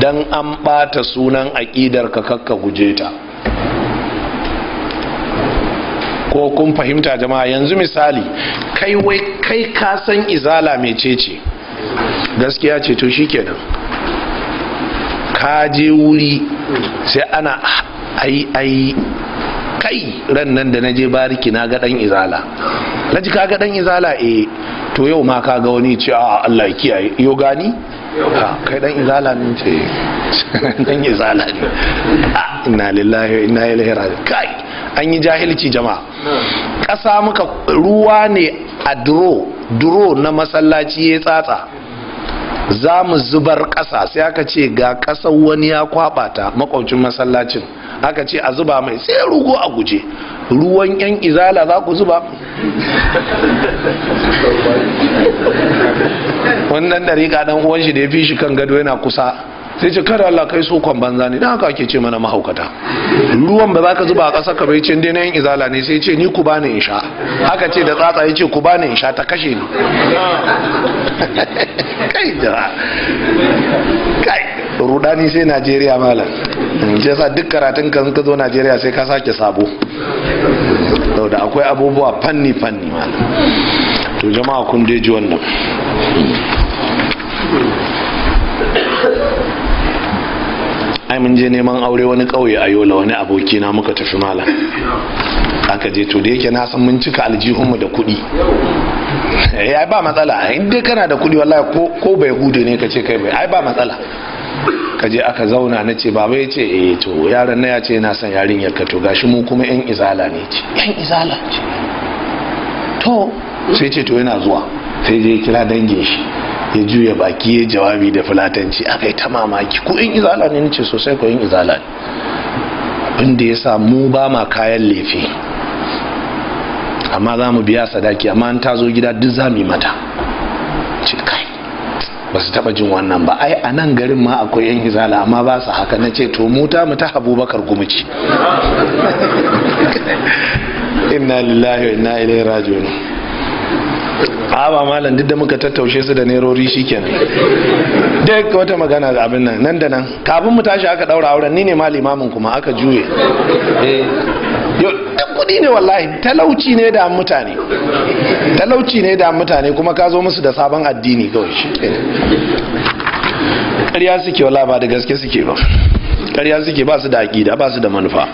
Dan an ɓata sunan aƙidar ka kakka guje ta ko kun fahimta jama'a yanzu misali kai wai kai ka san izala mecece gaskiya ce to shikenan ka je wuri sai ana ai ai kai ran nan da naje bariki na ga dan izala na ka ga dan izala eh to yau ma ka ga wani ce a Allah kiyaye yo gani ah, kai dan izala ne ce dan izala ne ah, inna lillahi wa inna ilaihi raji'un kai an yi jahilci jama'a Kasa muka ruwa ne a duro duro na masallaci ya tsatsa za mu zubar ƙasa sai aka ce ga ƙasar wani ya kwaɓa ta masallacin aka ce a zuba mai sai rugo a guje ruwan yan izala za ku zuba wannan dariƙa ɗan uwan shi da ya fi shi kan gado yana kusa sai ce kada Allah kai so kwan banza ne dan haka ake ce mana mahaukata ruwan ba za ka zuba a ƙasa ka bai ce dai na yin izala ne sai ce ni ku bani in sha haka ce da tsatsa ya ce ku bani in sha ta kashe ni kai da kai rudani sai Najeriya malam ce yasa duk karatun kan ka zo Najeriya sai ka sake sabo saboda akwai abubuwa fanni fanni malam to jama'a kun dai ji wannan ai mun je neman aure wani kauye a yola wani aboki na muka tafi mala aka je to da yake na san mun cika aljihunmu da kuɗi eh, ai ba matsala in dai kana da kuɗi wallahi ko bai hude ne ka ce kai bai ai ba matsala ka je aka zauna na ce baba ya ce eh to yaron na ya ce yana son yarinyar ka to gashi mu kuma yan izala ne ce yan izala ce to sai ce to yana zuwa sai je kira dangin shi ya juya baki ya jawabi da fulatanci aka yi ta mamaki ko in izala ne nace sosai ko in izala ne inda ya sa mu ba ma kayan lefe amma za mu biya sadaki amma an tazo gida duk za mu yi mata kai ba su taba jin wannan ba ai a nan garin ma akwai yan izala amma ba su haka na ce to mu ta mu ta abubakar gumuci inna lillahi wa inna ilaihi raji'un a ba malam duk da muka tattaushe su da nerori shikenan duk wata magana ga abin nan nan da nan kafin mu tashi aka daura auren ni ne ma limamin kuma aka juye eh. dan kudi ne wallahi talauci ne da mutane talauci ne da mutane kuma ka zo musu da sabon addini kawai shi ƙarya suke wala ba da gaske suke ba ƙarya suke ba su da aƙida ba su da manufa